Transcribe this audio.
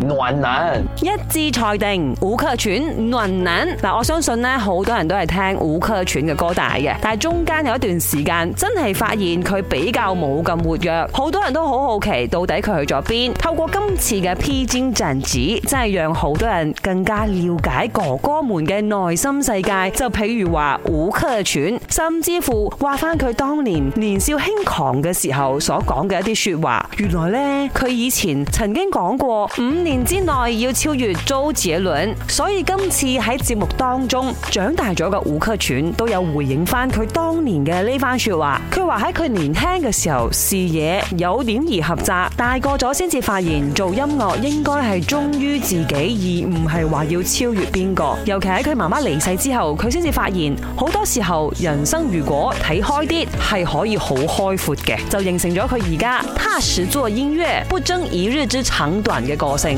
暖男一致裁定，吳克群暖男嗱。我相信呢，好多人都係聽吳克群嘅歌大嘅，但係中間有一段時間真係發現佢比較冇咁活躍，好多人都好好奇到底佢去咗邊？透過今次嘅披荊斬棘，真係讓好多人更加了解哥哥們嘅內心世界。就譬如話吳克群甚至乎話翻佢當年年少輕狂嘅時候所講嘅一啲說話，原來呢，佢以前曾經講過五。年之內要超越周杰倫，所以今次喺節目當中長大咗嘅吳克群都有回應翻佢當年嘅呢番說話。佢話喺佢年輕嘅時候視野有點而狹窄，大個咗先至發現做音樂應該係忠於自己，而唔係話要超越邊個。尤其喺佢媽媽離世之後，佢先至發現好多時候人生如果睇開啲係可以好開闊嘅，就形成咗佢而家踏實做音樂，不爭一日之長短嘅個性。